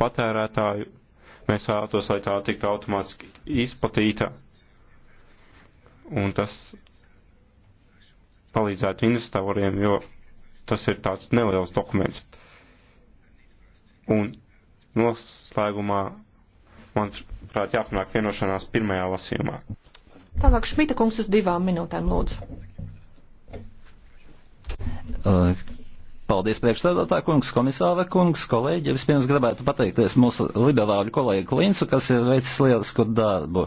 patērētāju. Mēs vēlētos, lai tā tiktu automātiski izplatīta, un tas palīdzētu investoriem, jo tas ir tāds neliels dokuments. Un noslēgumā, manuprāt, jāpanāk vienošanās pirmajā lasījumā. Tālāk Šmita kungs uz divām minūtēm lūdzu. Uh Paldies priekšstādātā kungs, komisāra kungs, kolēģi. Vispirms gribētu pateikties mūsu liberāļu kolēģi Klinsu, kas ir veicis lielisku darbu.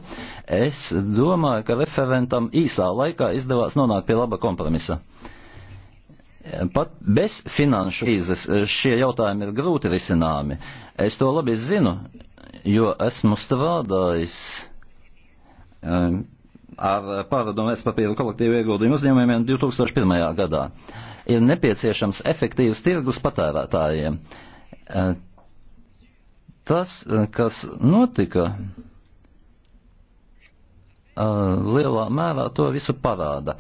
Es domāju, ka referentam īsā laikā izdevās nonākt pie laba kompromisa. Pat bez finanšu krīzes šie jautājumi ir grūti risināmi. Es to labi zinu, jo esmu strādājis. Um, ar pārvedumu vērtspapīru kolektīvu ieguldījumu uzņēmumiem 2001. gadā. Ir nepieciešams efektīvs tirgus patērētājiem. E, tas, e, kas notika, e, lielā mērā to visu parāda.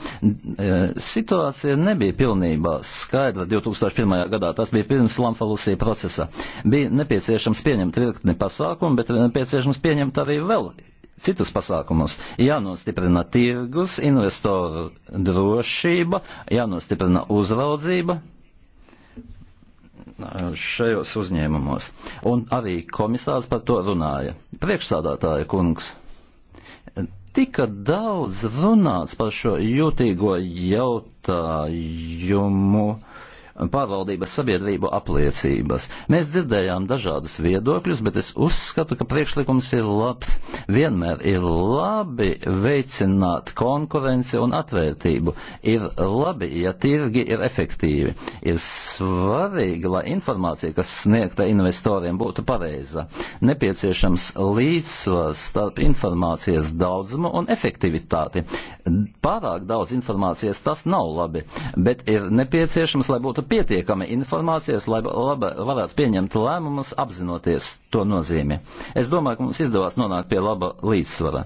Situācija nebija pilnībā skaidra 2001. gadā, tas bija pirms Lamfalusī procesa. Bija nepieciešams pieņemt virkni pasākumu, bet nepieciešams pieņemt arī vēl citus pasākumus. Jānostiprina tirgus, investoru drošība, jānostiprina uzraudzība šajos uzņēmumos. Un arī komisārs par to runāja. Priekšsādātāja kungs. Tika daudz runāts par šo jūtīgo jautājumu. Uh, pārvaldības sabiedrību apliecības. Mēs dzirdējām dažādas viedokļus, bet es uzskatu, ka priekšlikums ir labs. Vienmēr ir labi veicināt konkurenci un atvērtību. Ir labi, ja tirgi ir efektīvi. Ir svarīgi, lai informācija, kas sniegta investoriem, būtu pareiza. Nepieciešams līdzsvars starp informācijas daudzumu un efektivitāti. Pārāk daudz informācijas tas nav labi, bet ir nepieciešams, lai būtu pietiekami informācijas, lai laba, varētu pieņemt lēmumus apzinoties to nozīmi. Es domāju, ka mums izdevās nonākt pie laba līdzsvara.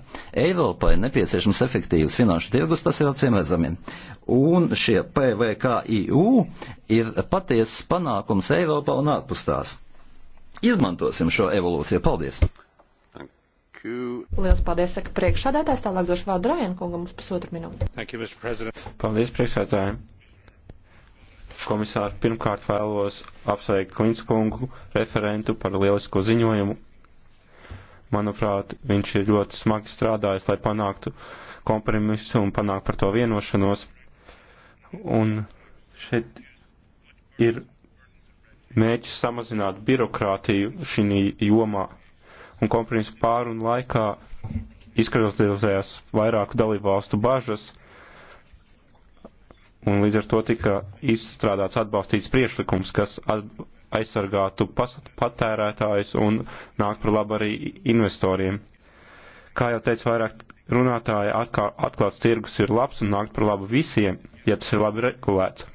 Eiropai nepieciešams efektīvs finanšu tirgus, tas ir acīm redzami. Un šie PVKIU ir patiesas panākums Eiropā un ārpus tās. Izmantosim šo evolūciju. Paldies! Lielas paldies, saka priekšādātājs, tālāk došu vārdu Rajankungam uz pusotru minūti. You, Paldies priekšādājiem! komisāri, pirmkārt vēlos apsveikt Klinskungu referentu par lielisko ziņojumu. Manuprāt, viņš ir ļoti smagi strādājis, lai panāktu kompromisu un panāktu par to vienošanos. Un šeit ir mēģis samazināt birokrātiju šī jomā. Un kompromisu pārunu laikā izkristalizējās vairāku dalību valstu bažas un līdz ar to tika izstrādāts atbalstīts priešlikums, kas aizsargātu patērētājus un nāk par labu arī investoriem. Kā jau teica vairāk runātāji, atklāts tirgus ir labs un nāk par labu visiem, ja tas ir labi regulēts.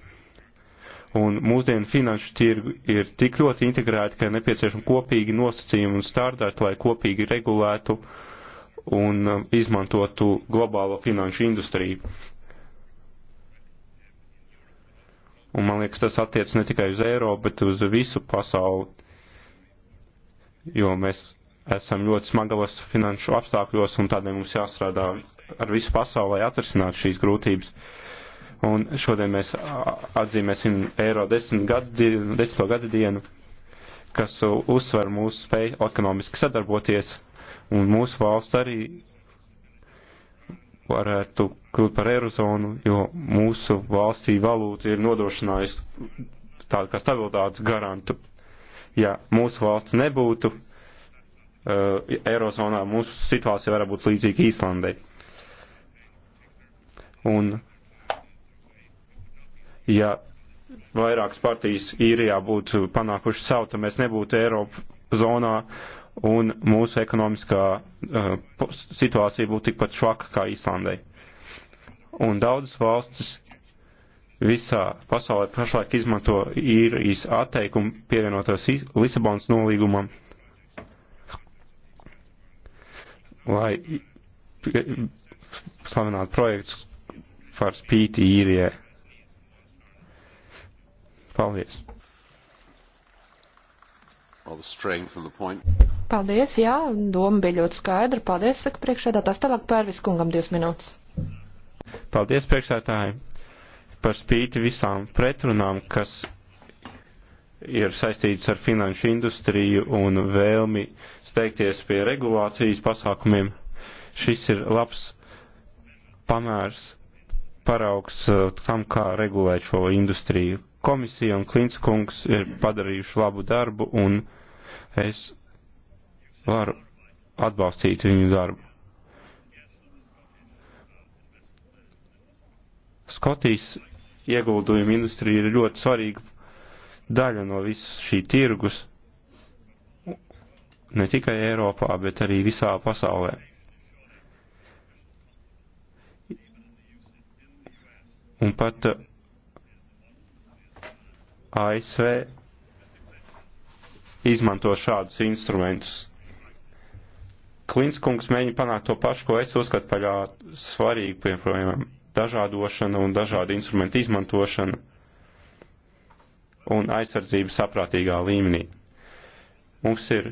Un mūsdienu finanšu tirgu ir tik ļoti integrēti, ka ir nepieciešami kopīgi nosacījumi un stārdēti, lai kopīgi regulētu un um, izmantotu globālo finanšu industriju. Un man liekas, tas attiec ne tikai uz Eiropu, bet uz visu pasauli. Jo mēs esam ļoti smagavos finanšu apstākļos un tādēļ mums jāstrādā ar visu pasauli, lai atrisināt šīs grūtības. Un šodien mēs atzīmēsim Eiro desmit gadi, desmito gadu dienu, kas uzsver mūsu spēju ekonomiski sadarboties, un mūsu valsts arī varētu kļūt par eirozonu, jo mūsu valstī valūta ir nodrošinājusi tādu kā stabilitātes garantu. Ja mūsu valsts nebūtu uh, eirozonā, mūsu situācija varētu būt līdzīga Īslandai. Un ja vairākas partijas īrijā būtu panākuši savu, tad mēs nebūtu Eiropa zonā un mūsu ekonomiskā uh, situācija būtu tikpat švaka kā Īslandai un daudzas valstis visā pasaulē pašlaik izmanto īrijas atteikumu pievienotos Lisabonas nolīgumam, lai slavinātu projektus par spīti īrijai. Paldies! Paldies, jā, doma bija ļoti skaidra. Paldies, saka priekšēdā. Tās tālāk pērvis kungam divas minūtes. Paldies, priekšsētāji, par spīti visām pretrunām, kas ir saistītas ar finanšu industriju un vēlmi steigties pie regulācijas pasākumiem. Šis ir labs pamērs, paraugs uh, tam, kā regulēt šo industriju. Komisija un Klinskungs ir padarījuši labu darbu un es varu atbalstīt viņu darbu. Skotijas ieguldījuma industrija ir ļoti svarīga daļa no visas šī tirgus, ne tikai Eiropā, bet arī visā pasaulē. Un pat uh, ASV izmanto šādus instrumentus. Klinskungs mēģina panākt to pašu, ko es uzskatu par svarīgu, piemēram, dažādošana un dažādi instrumenti izmantošana un aizsardzība saprātīgā līmenī. Mums ir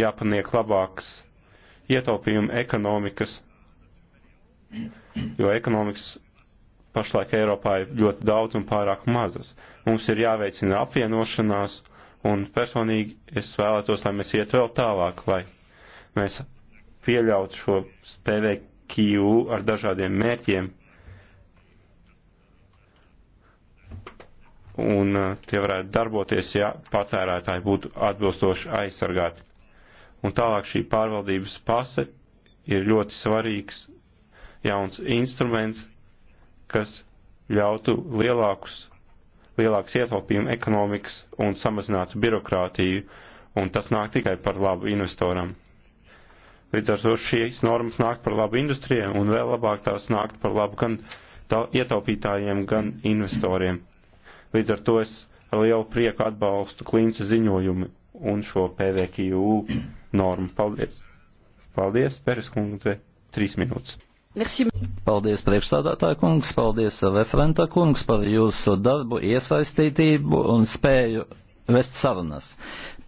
jāpaniek labāks ietaupījumu ekonomikas, jo ekonomikas pašlaik Eiropā ir ļoti daudz un pārāk mazas. Mums ir jāveicina apvienošanās, un personīgi es vēlētos, lai mēs iet vēl tālāk, lai mēs pieļautu šo PVQ ar dažādiem mērķiem, un uh, tie varētu darboties, ja patērētāji būtu atbilstoši aizsargāti. Un tālāk šī pārvaldības pase ir ļoti svarīgs jauns instruments, kas ļautu lielākus, lielāks ietaupījumu ekonomikas un samazinātu birokrātiju, un tas nāk tikai par labu investoram. Līdz ar to šīs normas nāk par labu industrijai, un vēl labāk tās nāk par labu gan ietaupītājiem, gan investoriem Līdz ar to es ar lielu prieku atbalstu klīnca ziņojumu un šo PVQU normu. Paldies! Paldies, Peres kundze, trīs minūtes. Merci. Paldies, priekšstādātāja kungs, paldies, referenta kungs, par jūsu darbu, iesaistītību un spēju vest sarunas.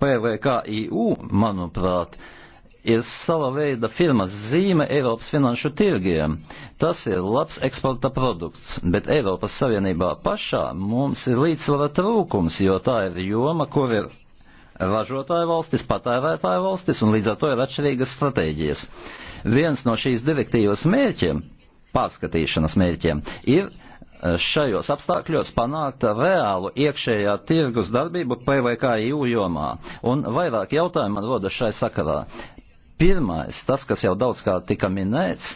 PVKIU, manuprāt, uh, ir sava veida firmas zīme Eiropas finanšu tirgiem. Tas ir labs eksporta produkts, bet Eiropas Savienībā pašā mums ir līdzsvara trūkums, jo tā ir joma, kur ir ražotāju valstis, patērētāju valstis, un līdz ar to ir atšķirīgas stratēģijas. Viens no šīs direktīvas mērķiem, pārskatīšanas mērķiem, ir eh, šajos apstākļos panākt reālu iekšējā tirgus darbību PVKIU jomā. Un vairāk jautājumu man rodas šai sakarā. Pirmais, tas, kas jau daudz kā tika minēts,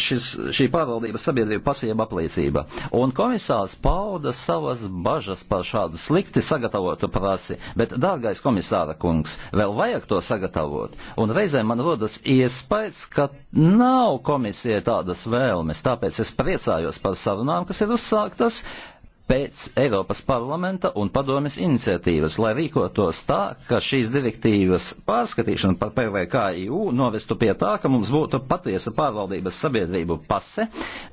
šis, šī pārvaldības sabiedrība pasieba apliecība. Un komisārs pauda savas bažas par šādu slikti sagatavotu prasi, bet, dārgais komisāra kungs, vēl vajag to sagatavot. Un reizēm man rodas iespējas, ka nav komisija tādas vēlmes, tāpēc es priecājos par sarunām, kas ir uzsāktas pēc Eiropas parlamenta un padomes iniciatīvas, lai rīkotos tā, ka šīs direktīvas pārskatīšana par PVKIU novestu pie tā, ka mums būtu patiesa pārvaldības sabiedrību pase,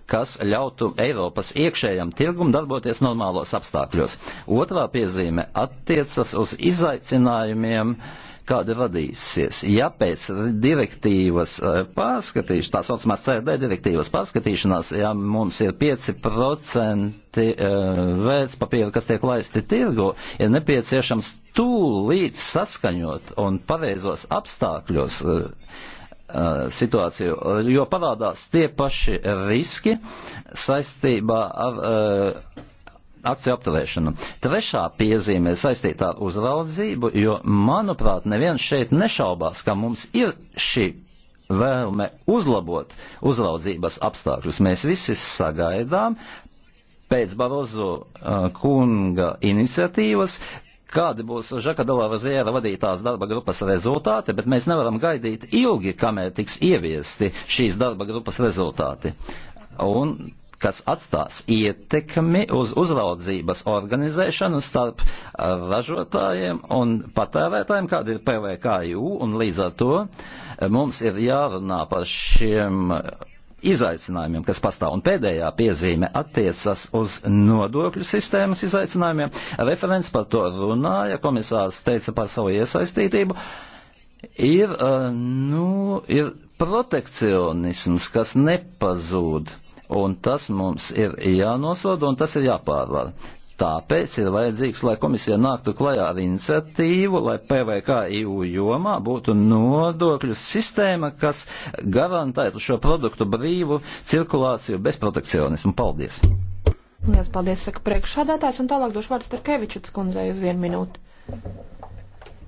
kas ļautu Eiropas iekšējam tirgum darboties normālos apstākļos. Otrā piezīme attiecas uz izaicinājumiem, uh, kāda vadīsies. Ja pēc direktīvas e, pārskatīšanas, tā saucamās CRD direktīvas pārskatīšanās, ja mums ir 5% vērtspapīra, e, kas tiek laisti tirgu, ir nepieciešams tūlīt saskaņot un pareizos apstākļos e, situāciju, jo parādās tie paši riski saistībā ar uh, akciju apturēšanu. Trešā piezīme ir saistīta ar uzraudzību, jo, manuprāt, neviens šeit nešaubās, ka mums ir šī vēlme uzlabot uzraudzības apstākļus. Mēs visi sagaidām pēc Barozo uh, kunga iniciatīvas, kādi būs Žaka Dalava Ziera vadītās darba grupas rezultāti, bet mēs nevaram gaidīt ilgi, kamēr tiks ieviesti šīs darba grupas rezultāti. Un kas atstās ietekmi uz uzraudzības organizēšanu starp eh, ražotājiem un patērētājiem, kāda ir PVKU, un līdz ar to eh, mums ir jārunā par šiem eh, izaicinājumiem, kas pastāv. Un pēdējā piezīme attiecas uz nodokļu sistēmas izaicinājumiem. Referents par to runāja, komisārs teica par savu iesaistītību. Ir, nu, ir protekcionisms, kas nepazūd. Un tas mums ir jānosoda un tas ir jāpārvar. Tāpēc ir vajadzīgs, lai komisija nāktu klajā ar iniciatīvu, lai PVK EU jomā būtu nodokļu sistēma, kas garantētu šo produktu brīvu cirkulāciju bez protekcionismu. Paldies! Lielas paldies, saka priekšsādātājs, un tālāk došu vārdu Starkevičuts kundzei uz vienu minūti.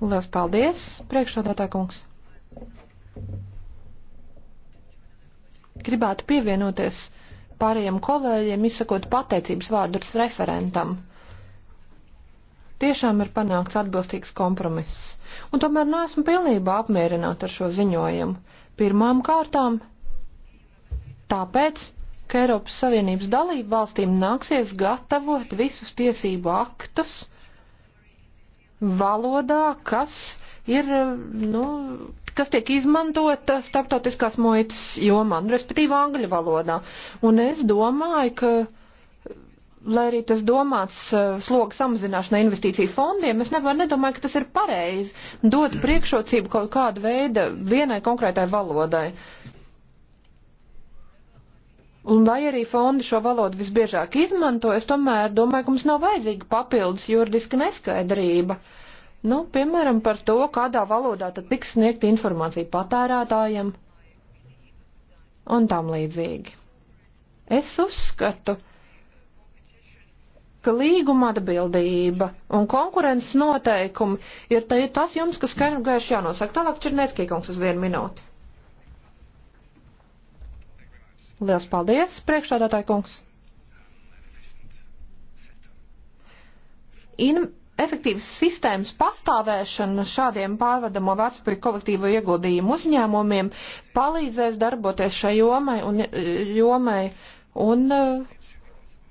Lielas paldies, priekšsādātāja kungs. Gribētu pievienoties pārējiem kolēģiem, izsakot pateicības vārdus referentam. Tiešām ir panākts atbilstīgs kompromiss, un tomēr neesmu pilnībā apmierināta ar šo ziņojumu. Pirmām kārtām tāpēc, ka Eiropas Savienības dalību valstīm nāksies gatavot visus tiesību aktus valodā, kas ir, nu, kas tiek izmantota starptautiskās muitas jomā, nu, respektīvi angļu valodā. Un es domāju, ka lai arī tas domāts eh, sloga samazināšanai investīciju fondiem, es nevar nedomāju, ka tas ir pareizi dot priekšrocību kaut kādu veidu vienai konkrētai valodai. Un lai arī fondi šo valodu visbiežāk izmanto, es tomēr domāju, ka mums nav vajadzīga papildus juridiska neskaidrība. Uh, Nu, piemēram, par to, kādā valodā tad tiks sniegta informācija patērētājiem un tam līdzīgi. Es uzskatu, ka līguma atbildība un konkurences noteikumi ir tā, tas jums, kas skaidri gaiši jānosaka. Tālāk Černēckī kungs uz vienu minūti. Liels paldies, priekšādātāji kungs. In efektīvas sistēmas pastāvēšana šādiem pārvadamo vērtspapīru kolektīvo ieguldījumu uzņēmumiem palīdzēs darboties šai jomai un, eh, jomai un eh,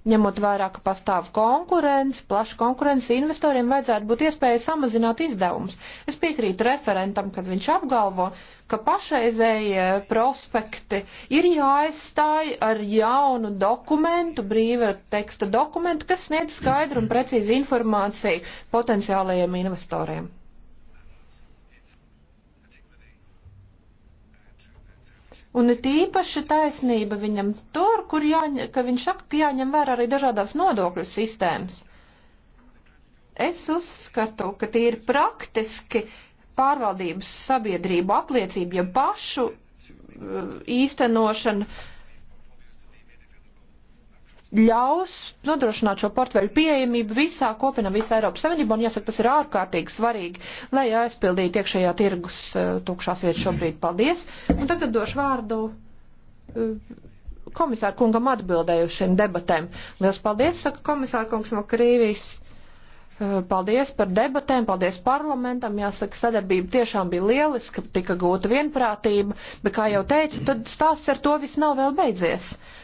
Ņemot vērā, ka pastāv konkurence, plaša konkurence, investoriem vajadzētu būt iespēja samazināt izdevumus. Es piekrītu referentam, kad viņš apgalvo, ka pašreizējie eh, prospekti ir jāaizstāj ar jaunu dokumentu, brīva teksta dokumentu, kas sniedz skaidru un precīzu informāciju potenciālajiem investoriem. Un ir īpaša taisnība viņam tur, kur jāņem, ka viņš saka, ka jāņem vērā arī dažādās nodokļu sistēmas. Es uzskatu, ka tie ir praktiski pārvaldības sabiedrību apliecība, ja pašu uh, īstenošana ļaus nodrošināt šo portfeļu pieejamību visā kopienā, visā Eiropas Savienībā, un jāsaka, tas ir ārkārtīgi svarīgi, lai aizpildītu iekšējā tirgus e, tukšās vietas šobrīd. Paldies! Un tagad došu vārdu e, komisāru kungam atbildēju šiem debatēm. Liels paldies, saka komisāru kungs no Krīvijas. E, paldies par debatēm, paldies parlamentam. Jāsaka, sadarbība tiešām bija lieliska, tika gūta vienprātība, bet, kā jau teicu, tad stāsts ar to viss nav vēl beidzies. Uh,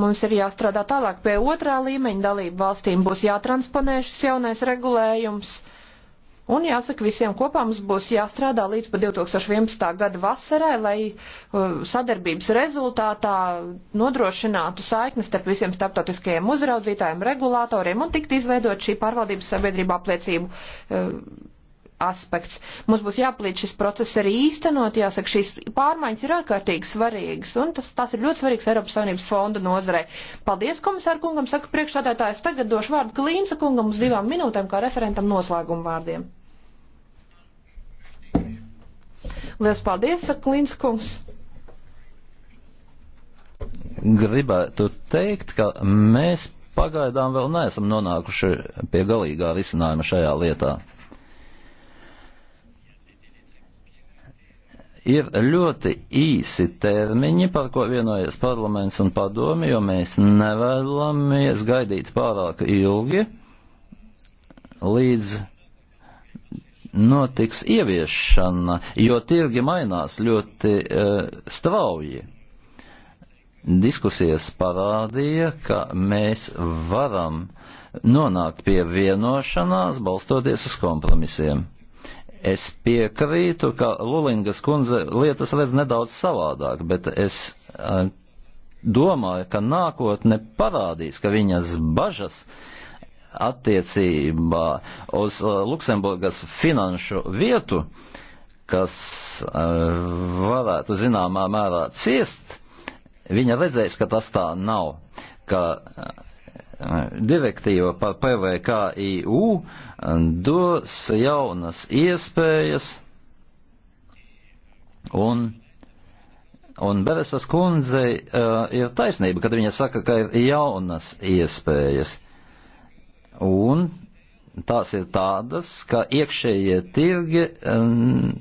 Mums ir jāstrādā tālāk pie otrā līmeņa dalību valstīm, būs jātransponē šis jaunais regulējums. Un jāsaka, visiem kopā mums būs jāstrādā līdz pa 2011. gada vasarai, lai uh, sadarbības rezultātā nodrošinātu saiknes starp visiem starptautiskajiem uzraudzītājiem, regulātoriem un tikt izveidot šī pārvaldības sabiedrība apliecību uh, aspekts. Mums būs jāpalīdz šis process arī īstenot, jāsaka, šīs pārmaiņas ir ārkārtīgi svarīgas, un tas, tas ir ļoti svarīgs Eiropas Savienības fonda nozarei. Paldies, komisāra kungam, saka priekšsādātājs, tagad došu vārdu Klīnsa kungam uz divām minūtēm kā referentam noslēguma vārdiem. Lielas paldies, saka Klīnsa kungs gribētu teikt, ka mēs pagaidām vēl neesam nonākuši pie galīgā risinājuma šajā lietā. Ir ļoti īsi termiņi, par ko vienojas parlaments un padomi, jo mēs nevēlamies gaidīt pārāk ilgi, līdz notiks ieviešana, jo tirgi mainās ļoti uh, strauji. Diskusijas parādīja, ka mēs varam nonākt pie vienošanās, balstoties uz kompromisiem. Es piekrītu, ka Lulingas kundze lietas redz nedaudz savādāk, bet es domāju, ka nākotne parādīs, ka viņas bažas attiecībā uz Luksemburgas finanšu vietu, kas varētu zināmā mērā ciest, viņa redzēs, ka tas tā nav, ka direktīva par PVKIU dos jaunas iespējas un Un Beresas kundze uh, ir taisnība, kad viņa saka, ka ir jaunas iespējas. Un tās ir tādas, ka iekšējie tirgi um,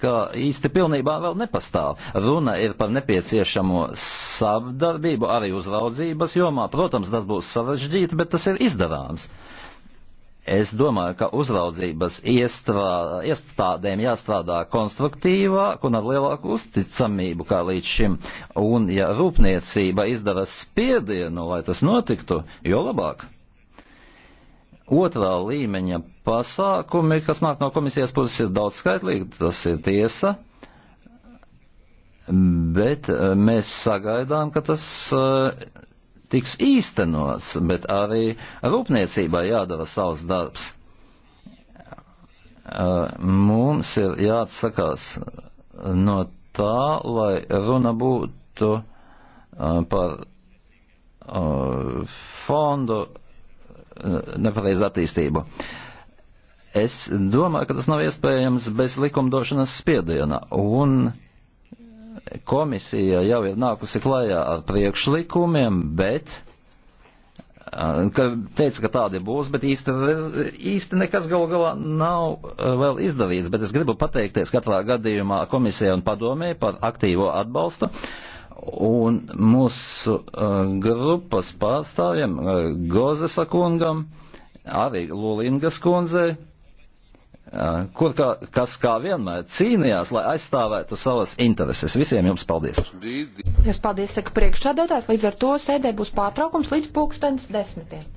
ka īsti pilnībā vēl nepastāv. Runa ir par nepieciešamo sadarbību arī uzraudzības jomā. Protams, tas būs sarežģīti, bet tas ir izdarāms. Es domāju, ka uzraudzības iestrā, iestādēm jāstrādā konstruktīvāk un ar lielāku uzticamību kā līdz šim. Un ja rūpniecība izdara spiedienu, lai tas notiktu, jo labāk. Otrā līmeņa pasākumi, kas nāk no komisijas puses, ir daudz skaitlīgi, tas ir tiesa, bet eh, mēs sagaidām, ka tas eh, tiks īstenots, bet arī rūpniecībai jādara savs darbs. Eh, mums ir jāatsakās no tā, lai runa būtu par fondu nepareizu attīstību. Es domāju, ka tas nav iespējams bez likumdošanas spiediena, un komisija jau ir nākusi klajā ar priekšlikumiem, bet eh, ka teica, ka tādi būs, bet īsti, īsti nekas galu galā nav eh, vēl izdarīts. Bet es gribu pateikties katrā gadījumā komisijai un padomē par aktīvo atbalstu. Uh, un mūsu uh, grupas pārstāvjiem, uh, Gozesa kungam, arī Lulingas kundzei, uh, kur kā, kas kā vienmēr cīnījās, lai aizstāvētu savas intereses. Visiem jums paldies! Es paldies, saka priekšsādētājs, līdz ar to sēdē būs pārtraukums līdz pulkstens desmitiem.